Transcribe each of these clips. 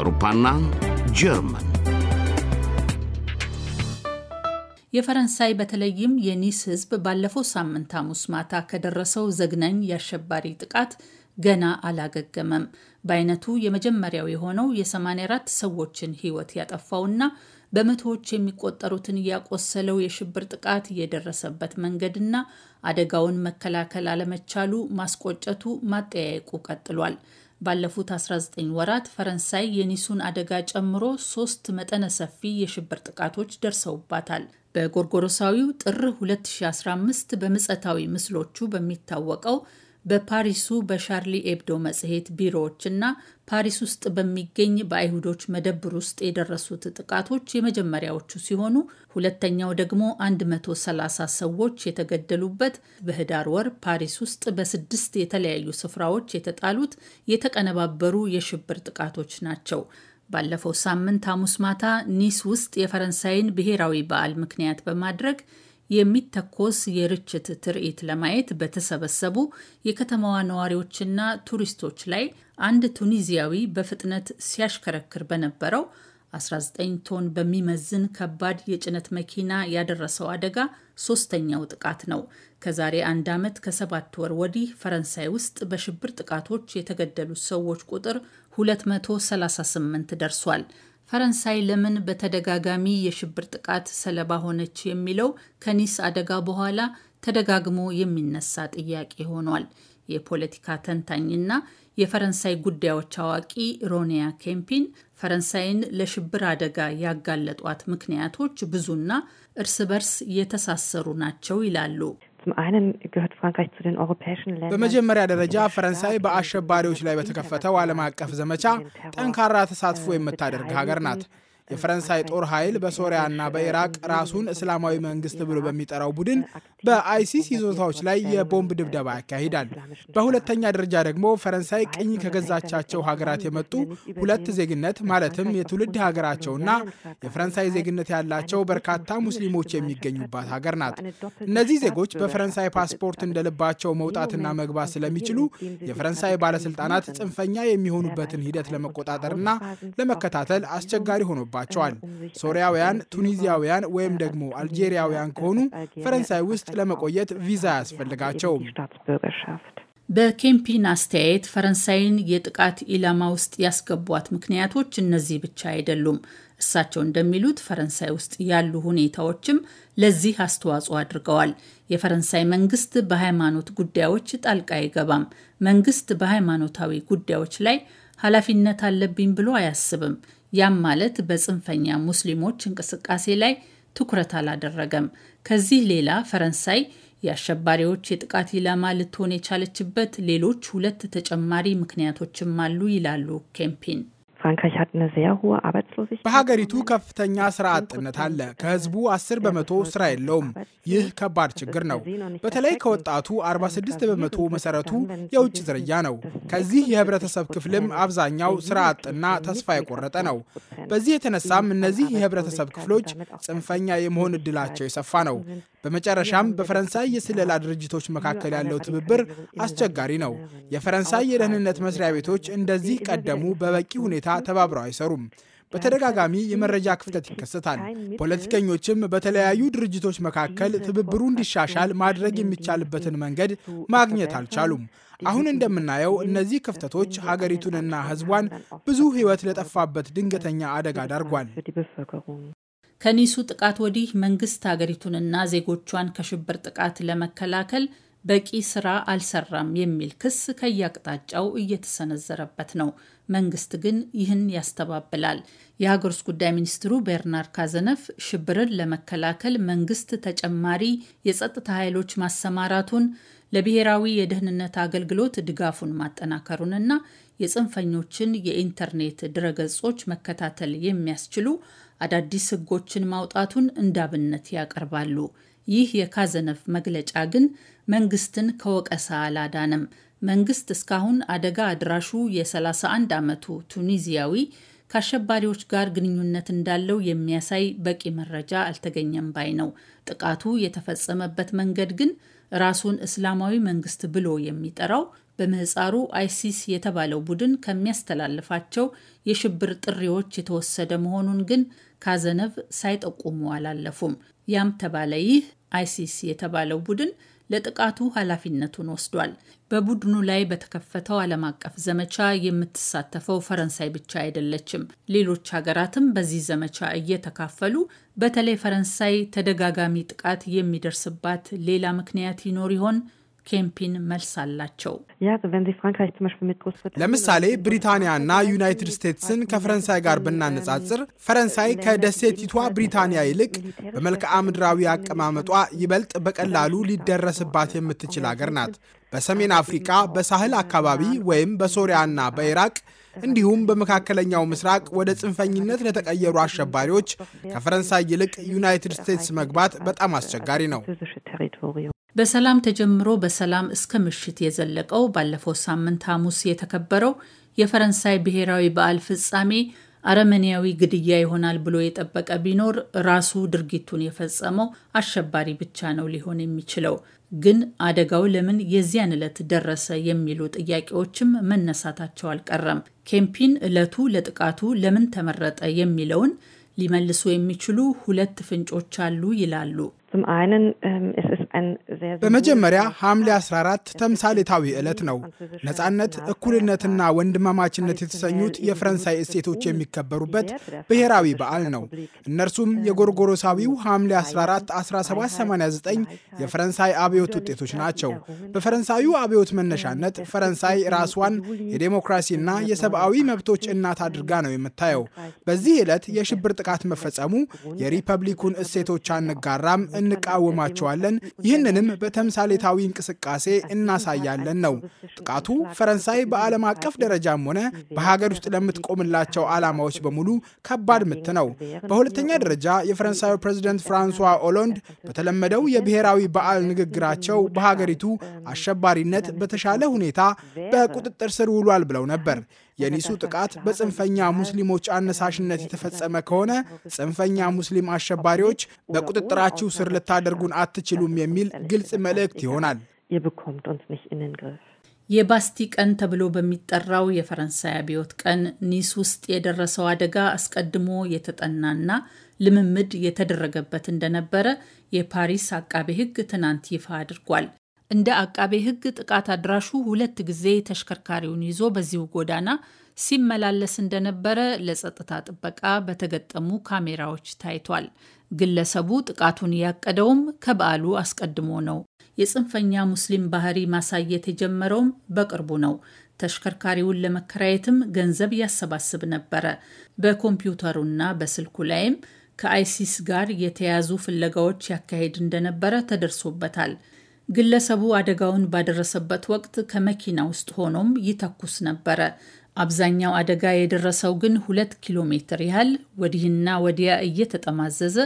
አውሮፓና ጀርመን የፈረንሳይ በተለይም የኒስ ህዝብ ባለፈው ሳምንት ሐሙስ ማታ ከደረሰው ዘግናኝ የአሸባሪ ጥቃት ገና አላገገመም። በአይነቱ የመጀመሪያው የሆነው የ84 ሰዎችን ሕይወት ያጠፋውና በመቶዎች የሚቆጠሩትን ያቆሰለው የሽብር ጥቃት የደረሰበት መንገድና አደጋውን መከላከል አለመቻሉ ማስቆጨቱ ማጠያየቁ ቀጥሏል። ባለፉት 19 ወራት ፈረንሳይ የኒሱን አደጋ ጨምሮ ሶስት መጠነ ሰፊ የሽብር ጥቃቶች ደርሰውባታል። በጎርጎሮሳዊው ጥር 2015 በምጸታዊ ምስሎቹ በሚታወቀው በፓሪሱ በሻርሊ ኤብዶ መጽሔት ቢሮዎች ና ፓሪስ ውስጥ በሚገኝ በአይሁዶች መደብር ውስጥ የደረሱት ጥቃቶች የመጀመሪያዎቹ ሲሆኑ ሁለተኛው ደግሞ 130 ሰዎች የተገደሉበት በህዳር ወር ፓሪስ ውስጥ በስድስት የተለያዩ ስፍራዎች የተጣሉት የተቀነባበሩ የሽብር ጥቃቶች ናቸው። ባለፈው ሳምንት ሐሙስ ማታ ኒስ ውስጥ የፈረንሳይን ብሔራዊ በዓል ምክንያት በማድረግ የሚተኮስ የርችት ትርኢት ለማየት በተሰበሰቡ የከተማዋ ነዋሪዎችና ቱሪስቶች ላይ አንድ ቱኒዚያዊ በፍጥነት ሲያሽከረክር በነበረው 19 ቶን በሚመዝን ከባድ የጭነት መኪና ያደረሰው አደጋ ሶስተኛው ጥቃት ነው። ከዛሬ አንድ ዓመት ከሰባት ወር ወዲህ ፈረንሳይ ውስጥ በሽብር ጥቃቶች የተገደሉት ሰዎች ቁጥር 238 ደርሷል። ፈረንሳይ ለምን በተደጋጋሚ የሽብር ጥቃት ሰለባ ሆነች የሚለው ከኒስ አደጋ በኋላ ተደጋግሞ የሚነሳ ጥያቄ ሆኗል። የፖለቲካ ተንታኝና የፈረንሳይ ጉዳዮች አዋቂ ሮኒያ ኬምፒን ፈረንሳይን ለሽብር አደጋ ያጋለጧት ምክንያቶች ብዙና እርስ በርስ የተሳሰሩ ናቸው ይላሉ። በመጀመሪያ ደረጃ ፈረንሳይ በአሸባሪዎች ላይ በተከፈተው ዓለም አቀፍ ዘመቻ ጠንካራ ተሳትፎ የምታደርግ ሀገር ናት። የፈረንሳይ ጦር ኃይል በሶሪያና በኢራቅ ራሱን እስላማዊ መንግስት ብሎ በሚጠራው ቡድን በአይሲስ ይዞታዎች ላይ የቦምብ ድብደባ ያካሂዳል። በሁለተኛ ደረጃ ደግሞ ፈረንሳይ ቅኝ ከገዛቻቸው ሀገራት የመጡ ሁለት ዜግነት ማለትም የትውልድ ሀገራቸውና የፈረንሳይ ዜግነት ያላቸው በርካታ ሙስሊሞች የሚገኙባት ሀገር ናት። እነዚህ ዜጎች በፈረንሳይ ፓስፖርት እንደልባቸው መውጣትና መግባት ስለሚችሉ የፈረንሳይ ባለስልጣናት ጽንፈኛ የሚሆኑበትን ሂደት ለመቆጣጠርና ለመከታተል አስቸጋሪ ሆኖባል ይጠበቅባቸዋል። ሶሪያውያን፣ ቱኒዚያውያን ወይም ደግሞ አልጄሪያውያን ከሆኑ ፈረንሳይ ውስጥ ለመቆየት ቪዛ አያስፈልጋቸውም። በኬምፒን አስተያየት ፈረንሳይን የጥቃት ኢላማ ውስጥ ያስገቧት ምክንያቶች እነዚህ ብቻ አይደሉም። እሳቸው እንደሚሉት ፈረንሳይ ውስጥ ያሉ ሁኔታዎችም ለዚህ አስተዋጽኦ አድርገዋል። የፈረንሳይ መንግስት በሃይማኖት ጉዳዮች ጣልቃ አይገባም። መንግስት በሃይማኖታዊ ጉዳዮች ላይ ኃላፊነት አለብኝ ብሎ አያስብም። ያም ማለት በጽንፈኛ ሙስሊሞች እንቅስቃሴ ላይ ትኩረት አላደረገም። ከዚህ ሌላ ፈረንሳይ የአሸባሪዎች የጥቃት ኢላማ ልትሆን የቻለችበት ሌሎች ሁለት ተጨማሪ ምክንያቶችም አሉ ይላሉ ኬምፒን። በሀገሪቱ ከፍተኛ ስራ አጥነት አለ። ከህዝቡ 10 በመቶ ስራ የለውም። ይህ ከባድ ችግር ነው። በተለይ ከወጣቱ 46 በመቶ መሰረቱ የውጭ ዝርያ ነው። ከዚህ የህብረተሰብ ክፍልም አብዛኛው ስራ አጥና ተስፋ የቆረጠ ነው። በዚህ የተነሳም እነዚህ የህብረተሰብ ክፍሎች ጽንፈኛ የመሆን እድላቸው የሰፋ ነው። በመጨረሻም በፈረንሳይ የስለላ ድርጅቶች መካከል ያለው ትብብር አስቸጋሪ ነው። የፈረንሳይ የደህንነት መስሪያ ቤቶች እንደዚህ ቀደሙ በበቂ ሁኔታ ተባብረው አይሰሩም። በተደጋጋሚ የመረጃ ክፍተት ይከሰታል። ፖለቲከኞችም በተለያዩ ድርጅቶች መካከል ትብብሩ እንዲሻሻል ማድረግ የሚቻልበትን መንገድ ማግኘት አልቻሉም። አሁን እንደምናየው እነዚህ ክፍተቶች ሀገሪቱንና ሕዝቧን ብዙ ሕይወት ለጠፋበት ድንገተኛ አደጋ ዳርጓል። ከኒሱ ጥቃት ወዲህ መንግስት ሀገሪቱንና ዜጎቿን ከሽብር ጥቃት ለመከላከል በቂ ስራ አልሰራም የሚል ክስ ከየአቅጣጫው እየተሰነዘረበት ነው። መንግስት ግን ይህን ያስተባብላል። የሀገር ውስጥ ጉዳይ ሚኒስትሩ ቤርናር ካዘነፍ ሽብርን ለመከላከል መንግስት ተጨማሪ የጸጥታ ኃይሎች ማሰማራቱን፣ ለብሔራዊ የደህንነት አገልግሎት ድጋፉን ማጠናከሩንና የጽንፈኞችን የኢንተርኔት ድረገጾች መከታተል የሚያስችሉ አዳዲስ ህጎችን ማውጣቱን እንዳብነት ያቀርባሉ። ይህ የካዘነፍ መግለጫ ግን መንግስትን ከወቀሳ አላዳነም። መንግስት እስካሁን አደጋ አድራሹ የ31 ዓመቱ ቱኒዚያዊ ከአሸባሪዎች ጋር ግንኙነት እንዳለው የሚያሳይ በቂ መረጃ አልተገኘም ባይ ነው። ጥቃቱ የተፈጸመበት መንገድ ግን ራሱን እስላማዊ መንግስት ብሎ የሚጠራው በምህፃሩ አይሲስ የተባለው ቡድን ከሚያስተላልፋቸው የሽብር ጥሪዎች የተወሰደ መሆኑን ግን ካዘነብ ሳይጠቁሙ አላለፉም። ያም ተባለ ይህ አይሲስ የተባለው ቡድን ለጥቃቱ ኃላፊነቱን ወስዷል። በቡድኑ ላይ በተከፈተው ዓለም አቀፍ ዘመቻ የምትሳተፈው ፈረንሳይ ብቻ አይደለችም። ሌሎች ሀገራትም በዚህ ዘመቻ እየተካፈሉ፣ በተለይ ፈረንሳይ ተደጋጋሚ ጥቃት የሚደርስባት ሌላ ምክንያት ይኖር ይሆን? ኬምፒን መልስ አላቸው። ለምሳሌ ብሪታንያና ዩናይትድ ስቴትስን ከፈረንሳይ ጋር ብናነጻጽር ፈረንሳይ ከደሴቲቷ ብሪታንያ ይልቅ በመልክዓ ምድራዊ አቀማመጧ ይበልጥ በቀላሉ ሊደረስባት የምትችል አገር ናት። በሰሜን አፍሪካ፣ በሳህል አካባቢ ወይም በሶሪያና በኢራቅ እንዲሁም በመካከለኛው ምስራቅ ወደ ጽንፈኝነት ለተቀየሩ አሸባሪዎች ከፈረንሳይ ይልቅ ዩናይትድ ስቴትስ መግባት በጣም አስቸጋሪ ነው። በሰላም ተጀምሮ በሰላም እስከ ምሽት የዘለቀው ባለፈው ሳምንት ሐሙስ የተከበረው የፈረንሳይ ብሔራዊ በዓል ፍጻሜ አረመኔያዊ ግድያ ይሆናል ብሎ የጠበቀ ቢኖር ራሱ ድርጊቱን የፈጸመው አሸባሪ ብቻ ነው ሊሆን የሚችለው። ግን አደጋው ለምን የዚያን ዕለት ደረሰ የሚሉ ጥያቄዎችም መነሳታቸው አልቀረም። ኬምፒን ዕለቱ ለጥቃቱ ለምን ተመረጠ የሚለውን ሊመልሱ የሚችሉ ሁለት ፍንጮች አሉ ይላሉ። Ähm, በመጀመሪያ ሐምሌ 14 ተምሳሌታዊ ዕለት ነው። ነፃነት፣ እኩልነትና ወንድማማችነት የተሰኙት የፈረንሳይ እሴቶች የሚከበሩበት ብሔራዊ በዓል ነው። እነርሱም የጎርጎሮሳዊው ሐምሌ 14 1789 የፈረንሳይ አብዮት ውጤቶች ናቸው። በፈረንሳዩ አብዮት መነሻነት ፈረንሳይ ራሷን የዴሞክራሲና የሰብአዊ መብቶች እናት አድርጋ ነው የምታየው። በዚህ ዕለት የሽብር ጥቃት መፈጸሙ የሪፐብሊኩን እሴቶች አንጋራም እንቃወማቸዋለን፣ ይህንንም በተምሳሌታዊ እንቅስቃሴ እናሳያለን ነው። ጥቃቱ ፈረንሳይ በዓለም አቀፍ ደረጃም ሆነ በሀገር ውስጥ ለምትቆምላቸው ዓላማዎች በሙሉ ከባድ ምት ነው። በሁለተኛ ደረጃ የፈረንሳዩ ፕሬዚደንት ፍራንሷ ኦሎንድ በተለመደው የብሔራዊ በዓል ንግግራቸው በሀገሪቱ አሸባሪነት በተሻለ ሁኔታ በቁጥጥር ስር ውሏል ብለው ነበር። የኒሱ ጥቃት በጽንፈኛ ሙስሊሞች አነሳሽነት የተፈጸመ ከሆነ ጽንፈኛ ሙስሊም አሸባሪዎች በቁጥጥራችሁ ስር ልታደርጉን አትችሉም የሚል ግልጽ መልእክት ይሆናል። የባስቲ ቀን ተብሎ በሚጠራው የፈረንሳይ አብዮት ቀን ኒስ ውስጥ የደረሰው አደጋ አስቀድሞ የተጠናና ልምምድ የተደረገበት እንደነበረ የፓሪስ አቃቤ ሕግ ትናንት ይፋ አድርጓል። እንደ አቃቤ ሕግ ጥቃት አድራሹ ሁለት ጊዜ ተሽከርካሪውን ይዞ በዚሁ ጎዳና ሲመላለስ እንደነበረ ለጸጥታ ጥበቃ በተገጠሙ ካሜራዎች ታይቷል። ግለሰቡ ጥቃቱን ያቀደውም ከበዓሉ አስቀድሞ ነው። የጽንፈኛ ሙስሊም ባህሪ ማሳየት የጀመረውም በቅርቡ ነው። ተሽከርካሪውን ለመከራየትም ገንዘብ ያሰባስብ ነበረ። በኮምፒውተሩና በስልኩ ላይም ከአይሲስ ጋር የተያዙ ፍለጋዎች ያካሄድ እንደነበረ ተደርሶበታል። ግለሰቡ አደጋውን ባደረሰበት ወቅት ከመኪና ውስጥ ሆኖም ይተኩስ ነበረ። አብዛኛው አደጋ የደረሰው ግን ሁለት ኪሎ ሜትር ያህል ወዲህና ወዲያ እየተጠማዘዘ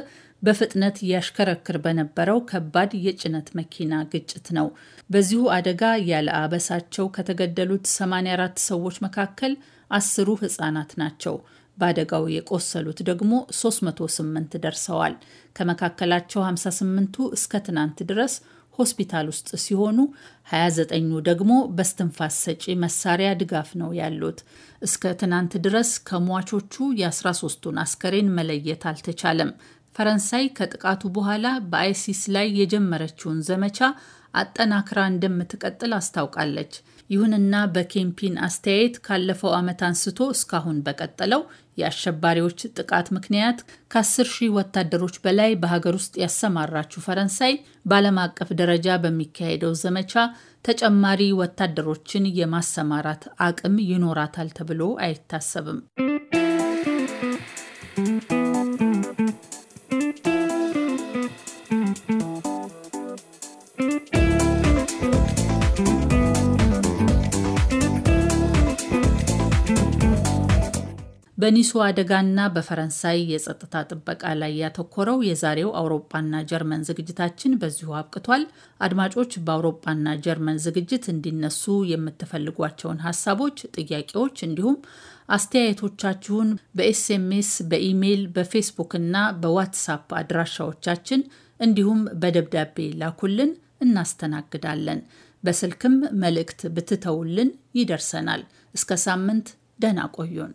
በፍጥነት ያሽከረክር በነበረው ከባድ የጭነት መኪና ግጭት ነው። በዚሁ አደጋ ያለ አበሳቸው ከተገደሉት 84 ሰዎች መካከል አስሩ ህጻናት ናቸው። በአደጋው የቆሰሉት ደግሞ 308 ደርሰዋል። ከመካከላቸው 58ቱ እስከ ትናንት ድረስ ሆስፒታል ውስጥ ሲሆኑ 29ኙ ደግሞ በስትንፋስ ሰጪ መሳሪያ ድጋፍ ነው ያሉት። እስከ ትናንት ድረስ ከሟቾቹ የ13ቱን አስከሬን መለየት አልተቻለም። ፈረንሳይ ከጥቃቱ በኋላ በአይሲስ ላይ የጀመረችውን ዘመቻ አጠናክራ እንደምትቀጥል አስታውቃለች። ይሁንና በኬምፒን አስተያየት ካለፈው ዓመት አንስቶ እስካሁን በቀጠለው የአሸባሪዎች ጥቃት ምክንያት ከ10 ሺህ ወታደሮች በላይ በሀገር ውስጥ ያሰማራችው ፈረንሳይ በዓለም አቀፍ ደረጃ በሚካሄደው ዘመቻ ተጨማሪ ወታደሮችን የማሰማራት አቅም ይኖራታል ተብሎ አይታሰብም። በኒሱ አደጋና በፈረንሳይ የጸጥታ ጥበቃ ላይ ያተኮረው የዛሬው አውሮፓና ጀርመን ዝግጅታችን በዚሁ አብቅቷል። አድማጮች፣ በአውሮፓና ጀርመን ዝግጅት እንዲነሱ የምትፈልጓቸውን ሀሳቦች፣ ጥያቄዎች እንዲሁም አስተያየቶቻችሁን በኤስኤምኤስ፣ በኢሜይል፣ በፌስቡክ እና በዋትሳፕ አድራሻዎቻችን እንዲሁም በደብዳቤ ላኩልን፣ እናስተናግዳለን። በስልክም መልእክት ብትተውልን ይደርሰናል። እስከ ሳምንት ደህና ቆዩን።